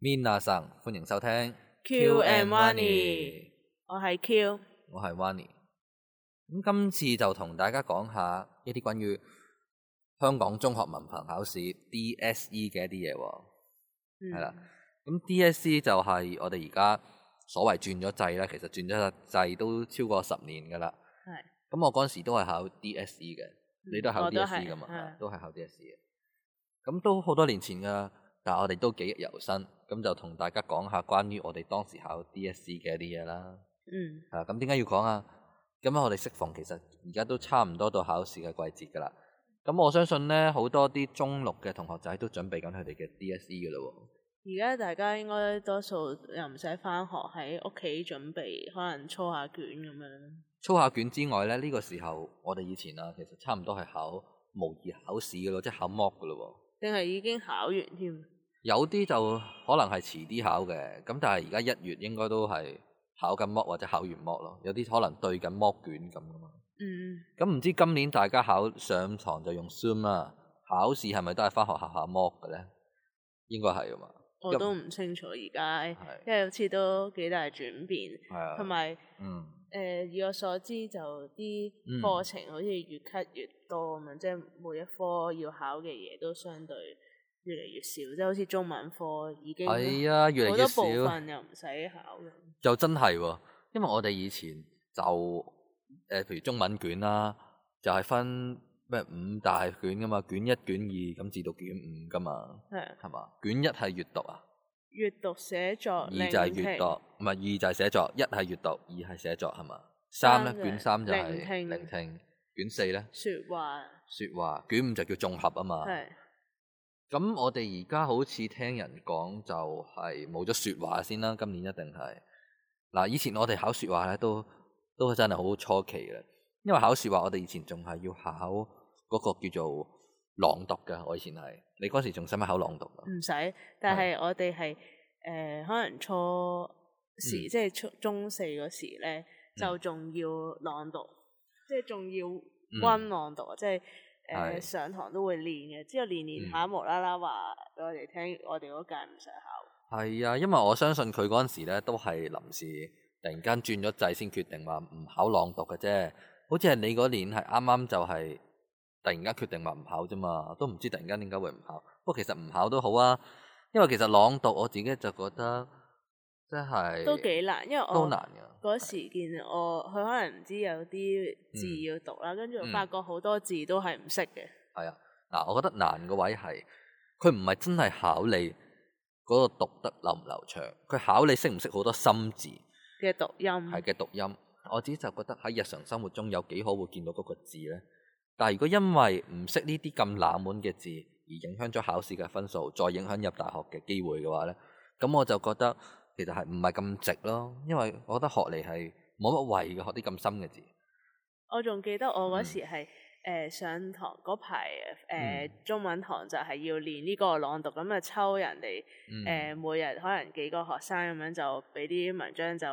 Minna san，歡迎收聽。Q, Q and Wanny 我係 Q，我係 Wanny。咁今次就同大家講下一啲關於香港中學文憑考試 DSE 嘅一啲嘢。係啦、嗯，咁 DSE 就係我哋而家所謂轉咗制啦，其實轉咗個制都超過十年噶啦。係是。咁我嗰陣時都係考 DSE 嘅，你都考 DSE 噶嘛？是都係考 DSE 嘅。咁都好多年前噶。但我哋都記憶猶新，咁就同大家講下關於我哋當時考 DSE 嘅一啲嘢啦。嗯。啊，咁點解要講啊？咁啊，我哋適逢其實而家都差唔多到考試嘅季節噶啦。咁我相信咧，好多啲中六嘅同學仔都準備緊佢哋嘅 DSE 噶啦。而家大家應該多數又唔使翻學，喺屋企準備，可能操下卷咁樣。操下卷之外咧，呢個時候我哋以前啊，其實差唔多係考模擬考試噶咯，即係考 Mock 噶咯。定係已經考完添？有啲就可能係遲啲考嘅，咁但係而家一月應該都係考緊模或者考完模咯。有啲可能對緊模卷咁噶嘛。嗯。咁唔知今年大家考上堂就用 Zoom 啊，考試係咪都係翻學校下模嘅咧？應該係啊嘛。我都唔清楚而家，嗯、因為好似都幾大轉變，同埋、啊，有嗯，誒、呃，以我所知就啲課程好似越 cut 越多咁啊，嗯、即係每一科要考嘅嘢都相對。越嚟越少，即係好似中文科已經，哎、越嚟越少，又唔使考嘅。就真係喎、啊，因為我哋以前就誒、呃，譬如中文卷啦、啊，就係、是、分咩五大卷㗎嘛，卷一、卷二咁至到卷五㗎嘛，係嘛是？卷一係閱讀啊，閱讀寫作二讀。二就係閱讀，唔係二就係寫作，一係閱讀，二係寫作係嘛？三咧，是卷三就係聆聽，卷四咧，説話，説話，卷五就叫綜合啊嘛。嗯咁我哋而家好似聽人講，就係冇咗説話先啦。今年一定係嗱，以前我哋考説話咧，都都係真係好初期嘅。因為考説話，我哋以前仲係要考嗰個叫做朗讀嘅。我以前係你嗰時仲使唔使考朗讀？唔使，但係我哋係誒，可能初時、嗯、即係初中四嗰時咧，就仲要朗讀，嗯、即係仲要温朗讀、嗯、即係。誒的上堂都會練嘅，之後練練下，無啦啦話俾我哋聽，我哋嗰屆唔想考。係啊，因為我相信佢嗰陣時咧，都係臨時突然間轉咗掣先決定話唔考朗讀嘅啫。好似係你嗰年係啱啱就係突然間決定話唔考啫嘛，都唔知突然間點解會唔考。不過其實唔考都好啊，因為其實朗讀我自己就覺得。真係都幾難，因為我嗰時見我佢的可能唔知有啲字要讀啦，跟住、嗯、發覺好多字都係唔識嘅。係啊、嗯，嗱，我覺得難個位係佢唔係真係考你嗰、嗰個讀得流唔流暢，佢考你識唔識好多生字嘅讀音，係嘅讀音。我自己就覺得喺日常生活中有幾可會見到嗰個字咧，但係如果因為唔識呢啲咁冷門嘅字而影響咗考試嘅分數，再影響入大學嘅機會嘅話咧，咁我就覺得。其實係唔係咁直咯，因為我覺得學嚟係冇乜謂嘅，學啲咁深嘅字。我仲記得我嗰時係、嗯呃、上堂嗰排誒中文堂就係要練呢個朗讀，咁啊抽人哋誒、嗯呃、每日可能幾個學生咁樣就俾啲文章就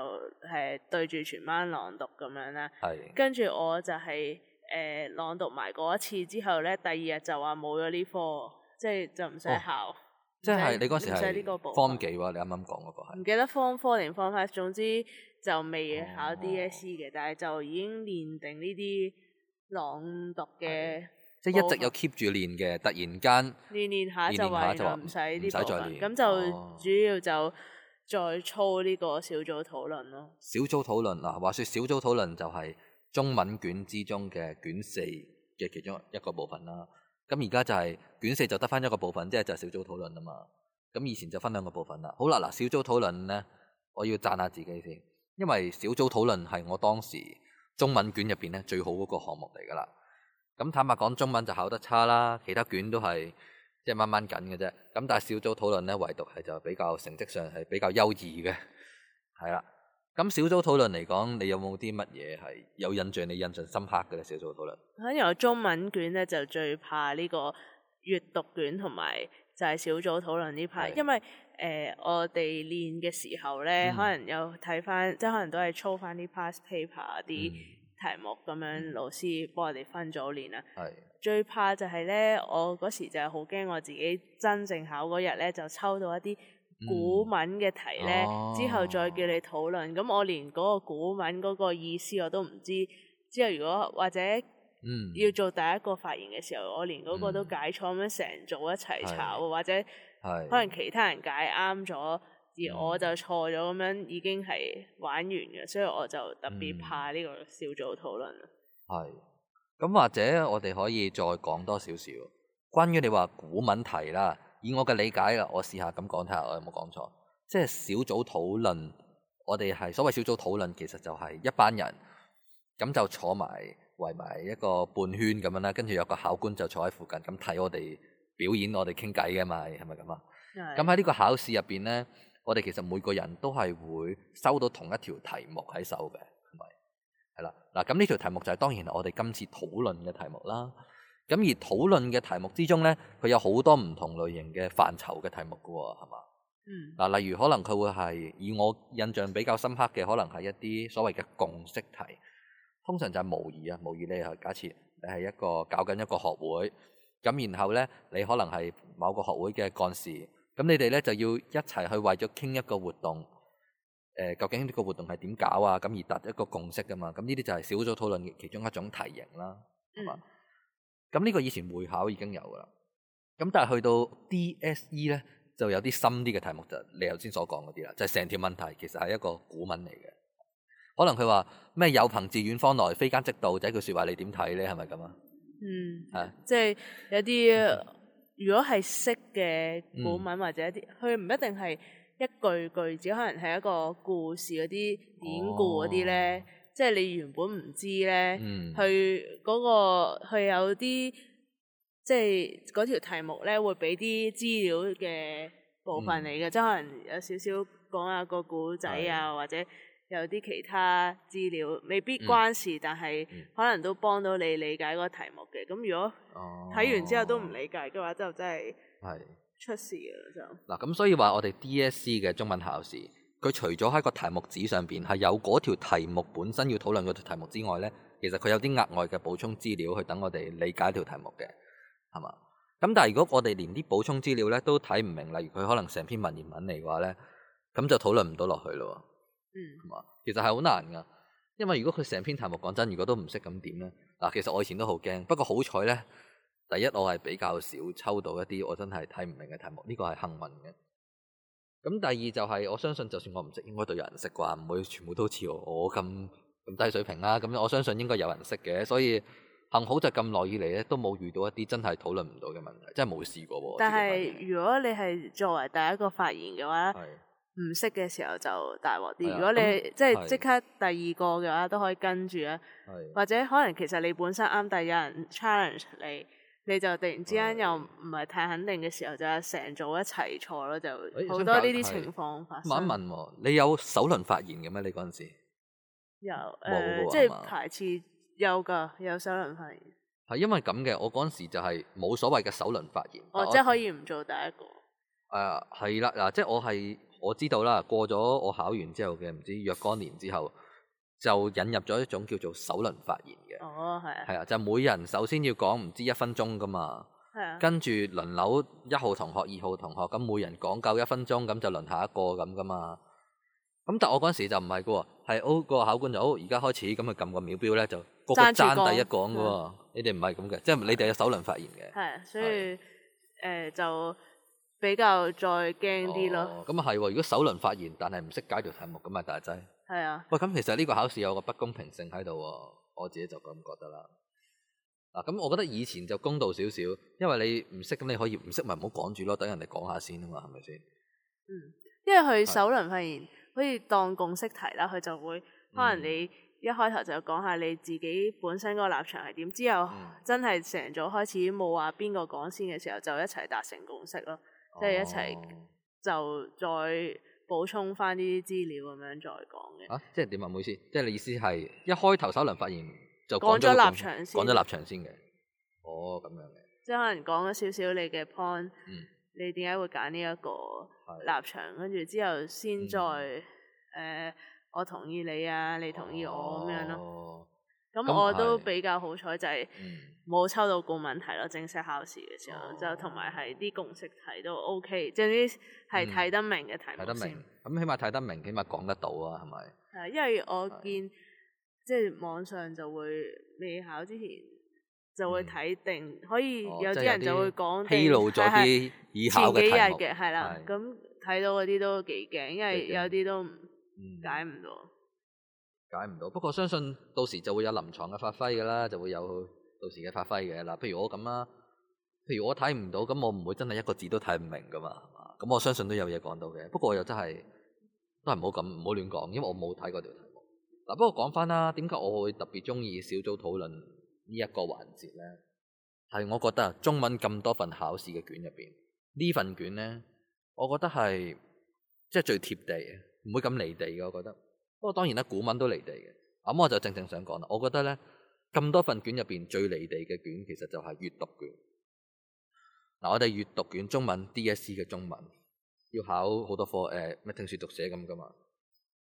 係對住全班朗讀咁樣啦。係是。跟住我就係、是、誒、呃、朗讀埋嗰一次之後咧，第二日就話冇咗呢科，即係就唔使考。哦。即係用你嗰時係 form 幾喎？你啱啱講嗰個係唔記得 form four 定 form five 總之就未考 DSE 嘅，哦、但係就已經練定呢啲朗讀嘅。即係一直有 keep 住練嘅，突然間練練下就唔使呢個部分，咁就主要就再操呢個小組討論咯。小組討論嗱，話説小組討論就係中文卷之中嘅卷四嘅其中一個部分啦。嗯咁而家就係卷四就得翻一個部分，即係就係小組討論啊嘛。咁以前就分兩個部分啦。好啦，嗱，小組討論咧，我要讚下自己先，因為小組討論係我當時中文卷入邊咧最好嗰個項目嚟噶啦。咁坦白講，中文就考得差啦，其他卷都係即係掹掹緊嘅啫。咁但係小組討論咧，唯獨係就比較成績上係比較優異嘅，係啦。咁小組討論嚟講，你有冇啲乜嘢係有印象？你印象深刻嘅咧？小組討論，可能我中文卷咧就最怕呢個閱讀卷同埋就係小組討論呢排，是因為誒、呃、我哋練嘅時候咧，嗯、可能有睇翻，即係可能都係操翻啲 past paper 啲題目咁、嗯、樣，老師幫我哋分組練啦。係是最怕就係咧，我嗰時就係好驚我自己真正考嗰日咧，就抽到一啲。嗯、古文嘅題咧，之後再叫你討論。咁、啊、我連嗰個古文嗰個意思我都唔知。之後如果或者要做第一個發言嘅時候，嗯、我連嗰個都解錯咁樣，成組一齊炒是或者，可能其他人解啱咗，是而我就錯咗咁樣，已經係玩完嘅。嗯、所以我就特別怕呢個小組討論。係，咁或者我哋可以再講多少少關於你話古文題啦。以我嘅理解啊，我試下咁講睇下，看看我有冇講錯？即係小組討論，我哋係所謂小組討論，其實就係一班人咁就坐埋圍埋一個半圈咁樣啦，跟住有個考官就坐喺附近咁睇我哋表演，我哋傾偈嘅嘛，係咪咁啊？咁喺呢個考試入邊呢，我哋其實每個人都係會收到同一條題目喺手嘅，係啦，嗱，咁呢條題目就係、是、當然係我哋今次討論嘅題目啦。咁而討論嘅題目之中呢，佢有好多唔同類型嘅範疇嘅題目嘅喎、哦，係嘛？嗯。嗱，例如可能佢會係以我印象比較深刻嘅，可能係一啲所謂嘅共識題，通常就係模擬啊，模擬你係假設你係一個搞緊一個學會，咁然後呢，你可能係某個學會嘅幹事，咁你哋呢就要一齊去為咗傾一個活動，呃、究竟呢個活動係點搞啊？咁而達一個共識嘅嘛。咁呢啲就係小組討論嘅其中一種題型啦。嗯。咁呢個以前會考已經有㗎喇，咁但係去到 DSE 咧就有啲深啲嘅題目，就是、你頭先所講嗰啲啦，就係成條問題其實係一個古文嚟嘅，可能佢話咩有朋自遠方來，非奸即盜，這、就是、句説話你點睇咧？係咪咁啊？嗯，係即係有啲如果係識嘅古文或者一啲佢唔一定係一句句子，可能係一個故事嗰啲典故嗰啲咧。哦即係你原本唔知咧，嗯那個，去嗰個佢有啲，即係嗰條題目咧會俾啲資料嘅部分你嘅，嗯、即係可能有少少講下個古仔啊，的或者有啲其他資料，未必關事，嗯、但係可能都幫到你理解嗰個題目嘅。咁、嗯、如果睇完之後都唔理解嘅話，哦、就真係出事啦的就。嗱咁所以話我哋 DSE 嘅中文考試。佢除咗喺個題目紙上邊係有嗰條題目本身要討論嗰條題目之外呢，其實佢有啲額外嘅補充資料去等我哋理解條題目嘅，係嘛？咁但係如果我哋連啲補充資料呢都睇唔明，例如佢可能成篇文言文嚟嘅話呢，咁就討論唔到落去咯。嗯，係嘛？其實係好難噶，因為如果佢成篇題目講真，如果都唔識咁點呢？嗱，其實我以前都好驚，不過好彩呢，第一我係比較少抽到一啲我真係睇唔明嘅題目，呢個係幸運嘅。咁第二就係，我相信就算我唔識，應該都有人識啩，唔會全部都似我咁咁低水平啦。咁我相信應該有人識嘅，所以幸好就咁耐以嚟咧都冇遇到一啲真係討論唔到嘅問題，即係冇試過喎。但係是 如果你係作為第一個發言嘅話，唔識嘅時候就大鑊啲。的如果你的即係即刻第二個嘅話，的都可以跟住啊。的或者可能其實你本身啱，但有人 challenge 你，你就突然之間又唔係太肯定嘅時候，就成組一齊錯咯，就好多呢啲情況發生。我問一問喎，你有首輪發言嘅咩？你嗰陣時有，呃、即係是吧排詞有㗎，有首輪發言。係因為咁嘅，我嗰陣時就係冇所謂嘅首輪發言。哦，我即係可以唔做第一個。誒、啊，係啦，嗱，即係我係我知道啦。過咗我考完之後嘅唔知若干年之後，就引入咗一種叫做首輪發言嘅，係、哦、啊，啊，就每人首先要講唔知一分鐘噶嘛，跟住、啊、輪流一號同學、二號同學，咁每人講夠一分鐘，咁就輪下一個咁噶嘛。咁但我嗰陣時就唔係嘅喎，係 O、哦嗰個考官就 O，而家開始咁咪撳個秒表咧，就個個爭第一講嘅喎。你哋唔係咁嘅，啊、即係你哋有首輪發言嘅。係、啊，所以誒是、呃、就比較再驚啲咯。咁、哦、啊係喎，如果首輪發言，但係唔識解答題目，咁咪大劑。係啊！喂，咁其實呢個考試有個不公平性喺度喎，我自己就咁覺得啦。嗱、啊，咁我覺得以前就公道少少，因為你唔識咁你可以唔識咪唔好講住咯，等人哋講下先啊嘛，係咪先？嗯，因為佢首輪發言，是可以當共識題啦，佢就會可能你一開頭就講下你自己本身嗰個立場係點，之後真係成組開始冇話邊個講先嘅時候，就一齊達成共識咯，即係、哦、一齊就再補充返啲資料咁樣再講。啊！即係點啊？唔好意思，即係你意思係一開頭首輪發言就講咗立場先，講咗立場先嘅。哦，咁樣嘅。即係可能講咗少少你嘅 point、嗯、你點解會揀呢一個立場？跟住的之後先再誒、嗯呃，我同意你啊，你同意我咁、哦、樣咯。哦咁、嗯嗯、我都比較好彩，就係冇抽到顧問題咯。正式考試嘅時候，哦、就同埋係啲共識題都 OK，即係啲係睇得明嘅題目。睇得明，咁起碼睇得明，起碼講得到啊，係咪？係，因為我見是即係網上就會未考之前就會睇定，嗯、可以有啲人就會講、哦、披露咗啲以後幾日嘅，係啦。咁睇是、嗯、到嗰啲都幾驚，因為有啲都解唔到。嗯解唔到，不過相信到時就會有臨床嘅發揮噶啦，就會有到時嘅發揮嘅。嗱，譬如我咁啦，譬如我睇唔到，咁我唔會真係一個字都睇唔明噶嘛。咁我相信都有嘢講到嘅，不過又真係都係唔好咁唔好亂講，因為我冇睇過條題目。嗱，不過講翻啦，點解我會特別中意小組討論呢一個環節咧？係我覺得啊，中文咁多份考試嘅卷入邊，呢份卷咧，我覺得係即係最貼地，唔會咁離地嘅，我覺得。不過當然咧，古文都離地嘅。咁、嗯、我就正正想講啦，我覺得咧，咁多份卷入邊最離地嘅卷，其實就係閱讀卷。嗱、嗯，我哋閱讀卷中文 DSE 嘅中文要考好多科，誒、呃、咩聽書讀寫咁噶嘛？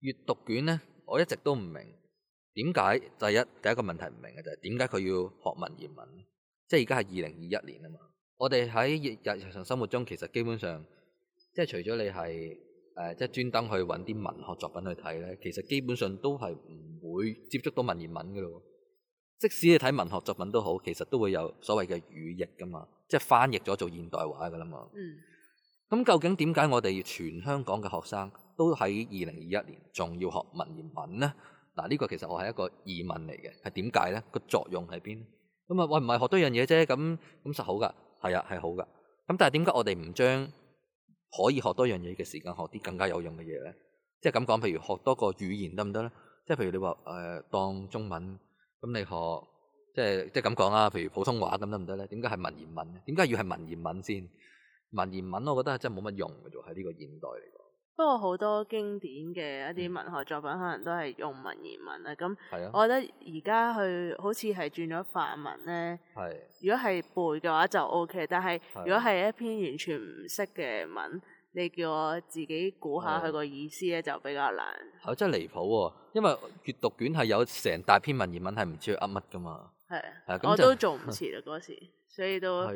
閱讀卷咧，我一直都唔明點解第一第一個問題唔明嘅就係點解佢要學文言文？即係而家係二零二一年啊嘛。我哋喺日日常生活中其實基本上，即係除咗你係。誒即係專登去揾啲文學作品去睇咧，其實基本上都係唔會接觸到文言文嘅咯。即使你睇文學作品都好，其實都會有所謂嘅語譯噶嘛，即係翻譯咗做現代話噶啦嘛。嗯。咁究竟點解我哋全香港嘅學生都喺二零二一年仲要學文言文咧？嗱，呢個其實我係一個疑問嚟嘅，係點解咧？個作用喺邊？咁啊，喂，唔係學多樣嘢啫，咁咁實好噶，係啊，係好噶。咁但係點解我哋唔將可以學多樣嘢嘅時間，學啲更加有用嘅嘢咧。即係咁講，譬如學多個語言得唔得咧？即係譬如你話誒、呃、當中文，咁你學即係即係咁講啦。譬如普通話咁得唔得咧？點解係文言文咧？點解要係文言文先？文言文我覺得真係冇乜用嘅，就喺呢個現代嚟講。不過好多經典嘅一啲文學作品，可能都係用文言文啦。咁，我覺得而家去好似係轉咗範文咧。係的。如果係背嘅話就 O、OK, K，但係如果係一篇完全唔識嘅文，的你叫我自己估下佢個意思咧，就比較難。係真離譜喎！因為閱讀卷係有成大篇文言文，係唔知要噏乜噶嘛。係的。係我都做唔切啦，嗰時 所以都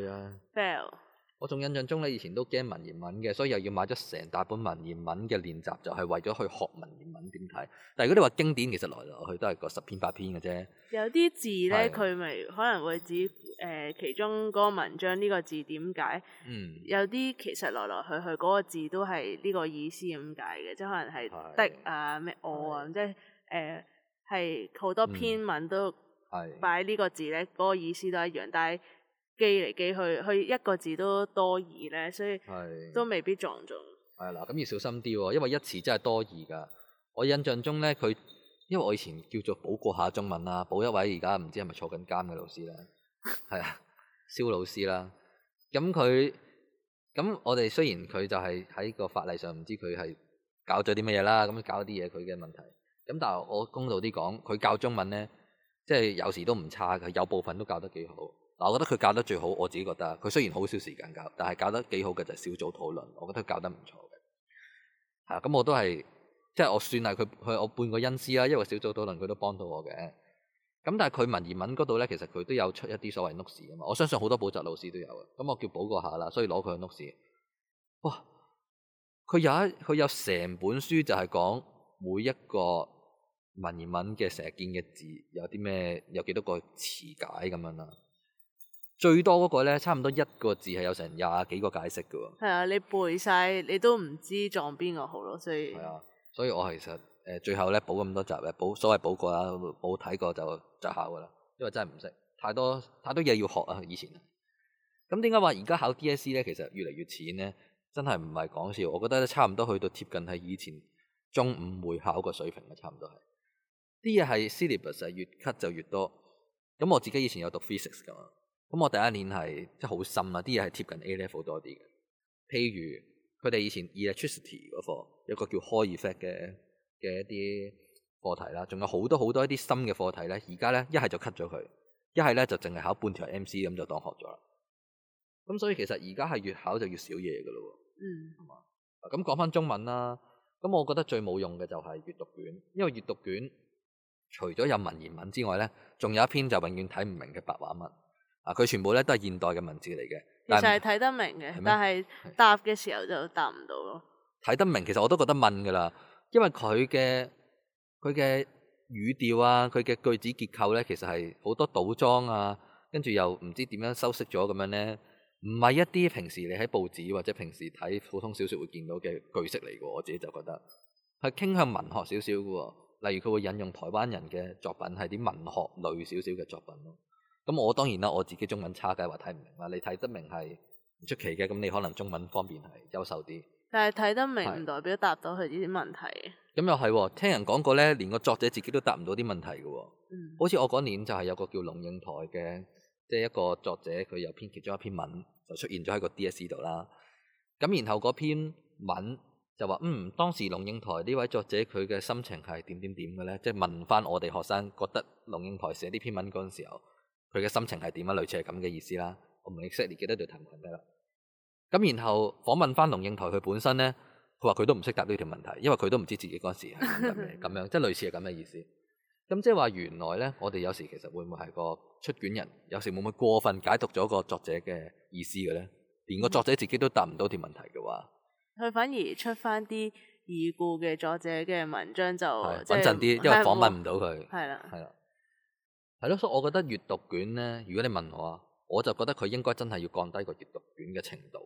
fail。我仲印象中咧，以前都驚文言文嘅，所以又要買咗成大本文言文嘅練習，就係、是、為咗去學文言文點睇。但係如果你話經典，其實來來去去都係個十篇八篇嘅啫。有啲字咧，佢咪可能會指誒、呃、其中嗰個文章呢個字點解？嗯。有啲其實來來去去嗰、那個字都係呢個意思咁解嘅，即係可能係的啊、咩的我啊，即係誒係好多篇文都係擺呢個字咧，嗰、嗯、的個意思都一樣，但係。寄嚟寄去，佢一個字都多義咧，所以都未必撞中。係嗱，咁要小心啲喎，因為一詞真係多義噶。我印象中咧，佢因為我以前叫做補過下中文啦，補一位而家唔知係咪坐緊監嘅老師咧，係啊， 蕭老師啦。咁佢咁我哋雖然佢就係喺個法例上唔知佢係搞咗啲乜嘢啦，咁搞啲嘢佢嘅問題。咁但係我公道啲講，佢教中文咧，即係有時都唔差嘅，有部分都教得幾好。嗱，我覺得佢教得最好，我自己覺得。佢雖然好少時間教，但係教得幾好嘅就係小組討論。我覺得教得唔錯嘅。嚇，咁我都係，即係我算係佢佢我半個恩師啦。因為小組討論佢都幫到我嘅。咁但係佢文言文嗰度咧，其實佢都有出一啲所謂 notes 嘛。我相信好多補習老師都有嘅。咁我叫補過下啦，所以攞佢去 notes。哇！佢有一佢有成本書就係講每一個文言文嘅成日見嘅字有啲咩，有幾多個詞解咁樣啦。最多嗰個咧，差唔多一個字係有成廿幾個解釋噶喎。係啊，你背晒你都唔知撞邊個好咯，所以係啊，所以我其實誒、呃、最後咧，補咁多集誒補所謂補過啦，冇睇過就就考噶啦，因為真係唔識太多太多嘢要學啊，以前。咁點解話而家考 DSE 咧，其實越嚟越淺咧？真係唔係講笑，我覺得差唔多去到貼近喺以前中五會考個水平啦，差唔多係。啲嘢係 syllabus 係越 cut 就越多，咁我自己以前有讀 physics 噶嘛。咁我第一年係即係好深啦，啲嘢係貼近 A level 多啲嘅。譬如佢哋以前 electricity 嗰課，有個叫 Hall effect 嘅嘅一啲課題啦，仲有好多好多一啲新嘅課題咧。而家咧一係就 cut 咗佢，一係咧就淨係考半條 MC 咁就當學咗啦。咁所以其實而家係越考就越少嘢噶咯喎。嗯。係嘛？咁講翻中文啦，咁我覺得最冇用嘅就係閱讀卷，因為閱讀卷除咗有文言文之外咧，仲有一篇就永遠睇唔明嘅白、白話文。啊！佢全部咧都係現代嘅文字嚟嘅，其實係睇得明嘅，嗎但係答嘅時候就答唔到咯。睇得明，其實我都覺得問㗎啦，因為佢嘅佢嘅語調啊，佢嘅句子結構咧，其實係好多倒裝啊，跟住又唔知點樣修飾咗咁樣咧，唔係一啲平時你喺報紙或者平時睇普通小説會見到嘅句式嚟㗎，我自己就覺得係傾向文學少少㗎喎。例如佢會引用台灣人嘅作品，係啲文學類少少嘅作品咯。咁我當然啦，我自己中文差嘅話睇唔明啦，你睇得明係唔出奇嘅，咁你可能中文方面係優秀啲。但係睇得明唔的代表答到佢啲問題。咁又係、哦，聽人講過咧，連個作者自己都答唔到啲問題嘅、哦。嗯。好似我嗰年就係有個叫龍應台嘅，即係一個作者，佢有其中一篇文，就出現咗喺個 DSE 度啦。咁然後嗰篇文就話：嗯，當時龍應台呢位作者佢嘅心情係點點點嘅咧？即係問翻我哋學生覺得龍應台寫呢篇文嗰陣時候，佢嘅心情係點啊？類似係咁嘅意思啦。我唔記得條題目啦。咁然後訪問翻龍應台佢本身咧，佢話佢都唔識答呢條問題，因為佢都唔知自己嗰時係諗緊咩咁樣，即係類似係咁嘅意思。咁即係話原來咧，我哋有時其實會唔會係個出卷人，有時會唔會過分解讀咗個作者嘅意思嘅咧？連個作者自己都答唔到條問題嘅話，佢反而出翻啲已故嘅作者嘅文章就穩陣啲，因為訪問唔到佢。係啦 ，係啦。係咯，所以我覺得閱讀卷咧，如果你問我啊，我就覺得佢應該真係要降低個閱讀卷嘅程度。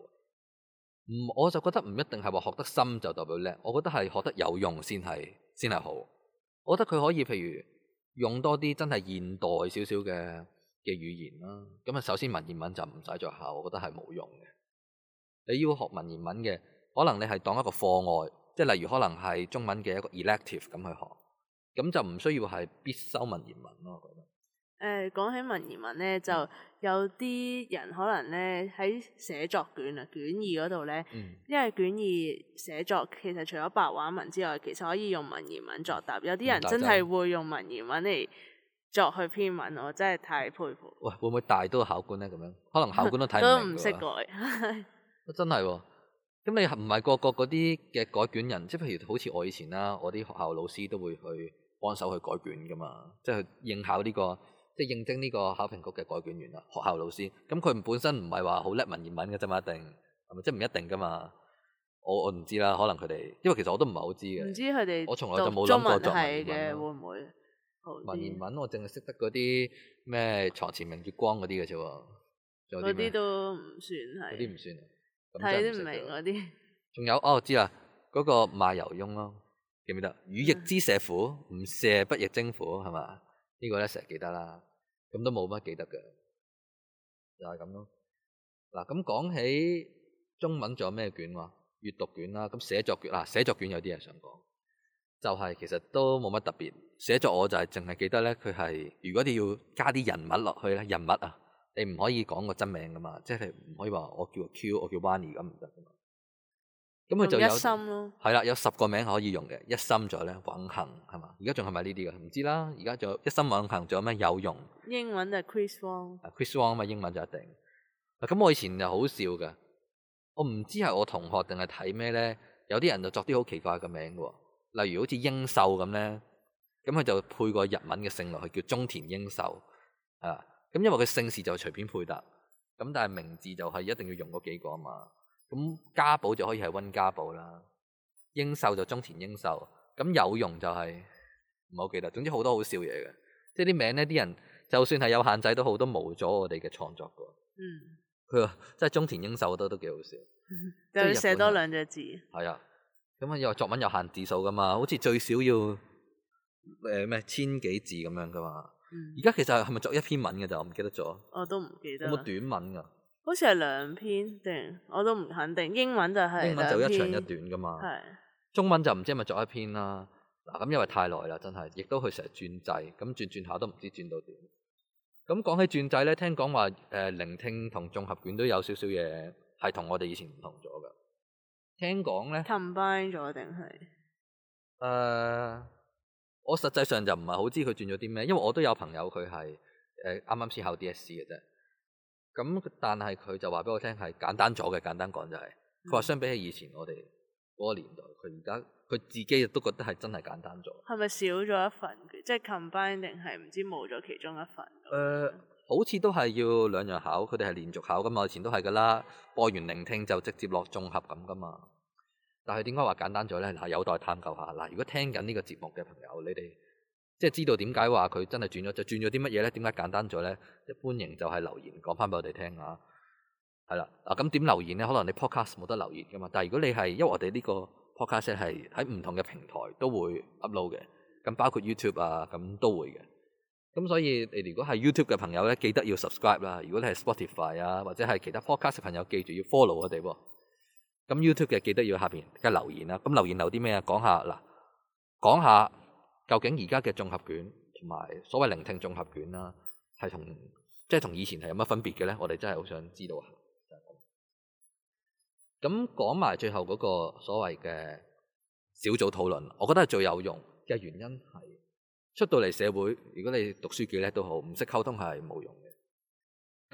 唔，我就覺得唔一定係話學得深就代表叻。我覺得係學得有用先係先係好。我覺得佢可以譬如用多啲真係現代少少嘅嘅語言啦。咁啊，首先文言文就唔使再考，我覺得係冇用嘅。你要學文言文嘅，可能你係當一個課外，即係例如可能係中文嘅一個 elective 咁去學，咁就唔需要係必修文言文咯。我覺得。誒講起文言文咧，就有啲人可能咧喺寫作卷啊卷二嗰度咧，嗯、因為卷二寫作其實除咗白話文之外，其實可以用文言文作答。有啲人真係會用文言文嚟作去編文，我真係太佩服。喂，會唔會大多考官咧？咁樣可能考官都睇唔明 都唔識改， 真係喎、哦！咁你唔係個個嗰啲嘅改卷人，即係譬如好似我以前啦，我啲學校老師都會去幫手去改卷㗎嘛，即係去應考呢個。即係應徵呢個考評局嘅改卷員啦，學校老師咁佢本身唔係話好叻文言文嘅啫嘛，一定係咪，即係唔一定噶嘛。我我唔知啦，可能佢哋，因為其實我都唔係好知嘅，唔知佢哋，我從來就冇諗過中文嘅會唔會文言文，我淨係識得嗰啲咩床前明月光嗰啲嘅啫喎，嗰啲都唔算係嗰啲，唔算，係啲唔明嗰啲。仲有哦，我知啊，嗰個賣油翁咯，記唔記得？汝亦知射乎，吾射不亦精乎係嘛？呢個咧成日記得啦，咁都冇乜記得嘅，就係咁咯。嗱，咁講起中文仲有咩卷喎？閱讀卷啦，咁寫作卷啊，寫作卷有啲人想講，就係其實都冇乜特別。寫作我就係淨係記得咧，佢係如果你要加啲人物落去咧，人物啊，你唔可以講個真名噶嘛，即係唔可以話我叫 Q，我叫 Winnie 咁唔得。咁佢就有係啦、啊，有十個名可以用嘅。一心在咧，永恆係嘛？而家仲係咪呢啲嘅？唔知啦。而家仲有一心永恒，仲有咩有用？英文就 Chris Wong。啊，Chris Wong 啊嘛，英文就一定。咁我以前就好笑噶，我唔知係我同學定係睇咩咧。有啲人就作啲好奇怪嘅名噶，例如好似英秀咁咧，咁佢就配個日文嘅姓落去，叫中田英秀啊。咁因為佢姓氏就隨便配搭，咁但係名字就係一定要用嗰幾個啊嘛。咁家寶就可以係溫家寶啦，英秀就中田英秀，咁有用就係、是、唔好記得。總之好多好笑嘢嘅，即係啲名咧，啲人就算係有限制好都好多冇咗我哋嘅創作噶。嗯，佢話即係中田英秀都都幾好笑，即 最寫多兩隻字。係啊，咁啊又作文有限字數噶嘛，好似最少要誒咩、呃、千幾字咁樣噶嘛。而家、嗯、其實係咪作一篇文嘅啫？我唔記，、哦、記得咗。我都唔記得。哦、有冇短文㗎？好似係兩篇定我都唔肯定。英文就係英文就一長一短㗎嘛。的中文就唔知係咪作一篇啦。嗱，咁因為太耐啦，真係亦都佢成日轉制，咁轉轉下都唔知轉到點。咁講起轉制呢，聽講話誒聆聽同綜合卷都有少少嘢係同我哋以前唔同咗㗎。聽講呢，combine 咗定係？誒、呃，我實際上就唔係好知佢轉咗啲咩，因為我都有朋友佢係誒啱啱先考 DSE 嘅啫。咁但係佢就話俾我聽係簡單咗嘅，簡單講就係、是，佢話相比起以前我哋嗰個年代，佢而家佢自己亦都覺得係真係簡單咗。係咪少咗一份？即、就、係、是、combine 定係唔知冇咗其中一份？誒、呃，好似都係要兩樣考，佢哋係連續考㗎嘛，以前都係噶啦，播完聆聽就直接落綜合咁噶嘛。但係點解話簡單咗咧？嗱，有待探究下。嗱，如果聽緊呢個節目嘅朋友，你哋。即係知道點解話佢真係轉咗，就轉咗啲乜嘢咧？點解簡單咗咧？歡迎就係留言講翻俾我哋聽嚇，係啦。啊咁點留言咧？可能你 podcast 冇得留言噶嘛，但係如果你係因為我哋呢個 podcast 係喺唔同嘅平台都會 upload 嘅，咁包括 YouTube 啊咁都會嘅。咁所以你如果係 YouTube 嘅朋友咧，記得要 subscribe 啦。如果你係 Spotify 啊或者係其他 podcast 嘅朋友，記住要 follow 我哋喎、啊。咁 YouTube 嘅記得要下邊嘅留言啦。咁留言留啲咩啊？講下嗱，講下。究竟而家嘅綜合卷同埋所謂聆聽綜合卷啦，係同即係同以前係有乜分別嘅咧？我哋真係好想知道啊。咁講埋最後嗰個所謂嘅小組討論，我覺得係最有用嘅原因係出到嚟社會，如果你讀書幾叻都好，唔識溝通係冇用嘅。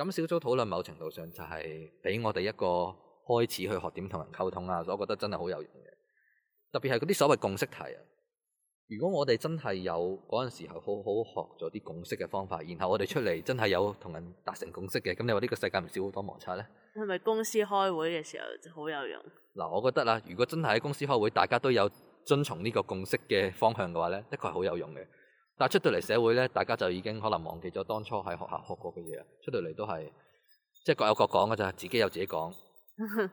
咁小組討論某程度上就係俾我哋一個開始去學點同人溝通啊，所以我覺得真係好有用嘅。特別係嗰啲所謂共識題啊。如果我哋真係有嗰陣時候好好學咗啲共識嘅方法，然後我哋出嚟真係有同人達成共識嘅，咁你話呢個世界唔少好多摩擦呢？係咪公司開會嘅時候就好有用？嗱，我覺得啦，如果真係喺公司開會，大家都有遵從呢個共識嘅方向嘅話呢，的確係好有用嘅。但係出到嚟社會呢，大家就已經可能忘記咗當初喺學校學過嘅嘢。出到嚟都係即係各有各講噶咋，自己有自己講，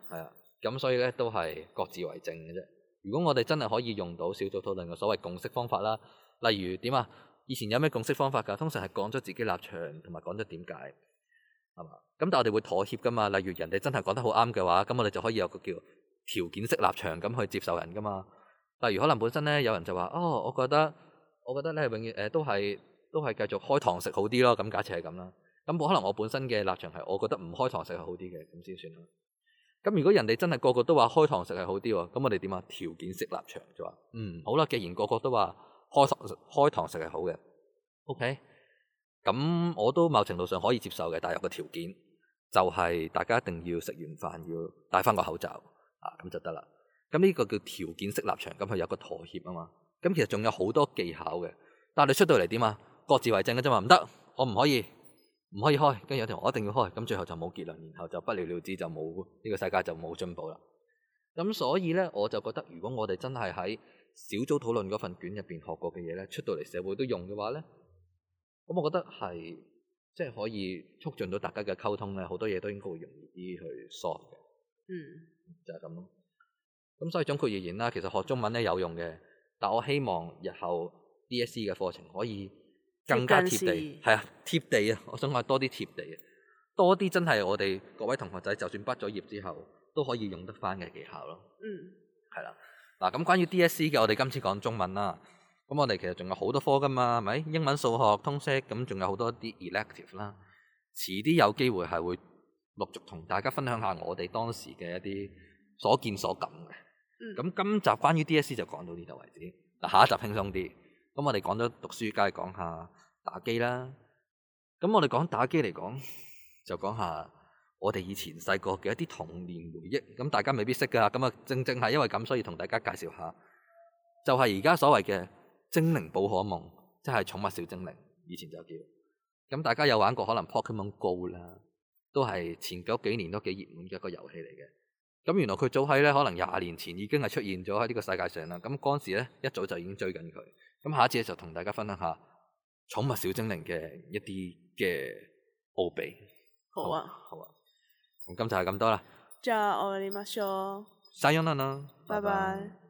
係啊， 咁所以呢，都係各自為政嘅啫。如果我哋真係可以用到小組討論嘅所謂共識方法啦，例如點啊？以前有咩共識方法㗎？通常係講咗自己立場同埋講咗點解，係嘛？咁但係我哋會妥協㗎嘛？例如人哋真係講得好啱嘅話，咁我哋就可以有個叫條件式立場咁去接受人㗎嘛？例如可能本身咧有人就話：哦，我覺得我覺得咧永遠誒、呃、都係都係繼續開堂食好啲咯。咁假設係咁啦，咁可能我本身嘅立場係我覺得唔開堂食係好啲嘅，咁先算啦。咁如果人哋真係個個都話開堂食係好啲喎，咁我哋點啊？條件式立場就話，嗯，好啦，既然個個都話開開堂食係好嘅，OK，咁我都某程度上可以接受嘅，但有個條件就係大家一定要食完飯要戴翻個口罩啊，咁就得啦。咁呢個叫條件式立場，咁係有個妥協啊嘛。咁其實仲有好多技巧嘅，但係你出到嚟點啊？各自為政嘅啫嘛，唔得，可唔可以？唔可以開，跟住有條我一定要開，咁最後就冇結論，然後就不了了之，就冇喎，呢個世界就冇進步啦。咁所以呢，我就覺得如果我哋真係喺小組討論嗰份卷入邊學過嘅嘢呢，出到嚟社會都用嘅話呢，咁我覺得係即係可以促進到大家嘅溝通呢，好多嘢都應該會容易啲去 sort 嘅。嗯，就係咁咯。咁所以總括而言啦，其實學中文呢有用嘅，但我希望日後 DSE 嘅課程可以。更加貼地，係啊，貼地啊！我想話多啲貼地啊，多啲真係我哋各位同學仔，就算畢咗業之後都可以用得返嘅技巧咯、嗯啊。嗯，係啦。嗱咁關於 DSE 嘅，我哋今次講中文啦。咁、嗯、我哋其實仲有好多科㗎嘛，係咪？英文、數學、通識，咁、嗯、仲有好多啲 elective 啦。遲啲有機會係會陸續同大家分享下我哋當時嘅一啲所見所感嘅。咁、嗯嗯、今集關於 DSE 就講到呢度為止。嗱，下一集輕鬆啲。咁我哋講咗讀書，梗係講下打機啦。咁我哋講打機嚟講，就講下我哋以前細個嘅一啲童年回憶。咁大家未必識噶，咁啊正正係因為咁，所以同大家介紹下，就係而家所謂嘅精靈寶可夢，即係寵物小精靈，以前就叫。咁大家有玩過可能 Pokemon Go 啦，都係前幾年都幾熱門嘅一個遊戲嚟嘅。咁原來佢早喺咧，可能廿年前已經係出現咗喺呢個世界上啦。咁嗰陣時咧，一早就已經追緊佢。咁下一次就同大家分享下寵物小精靈嘅一啲嘅奧秘。好啊，好啊。咁今集係咁多啦。就奧你馬修。再見啦，呢見。拜拜。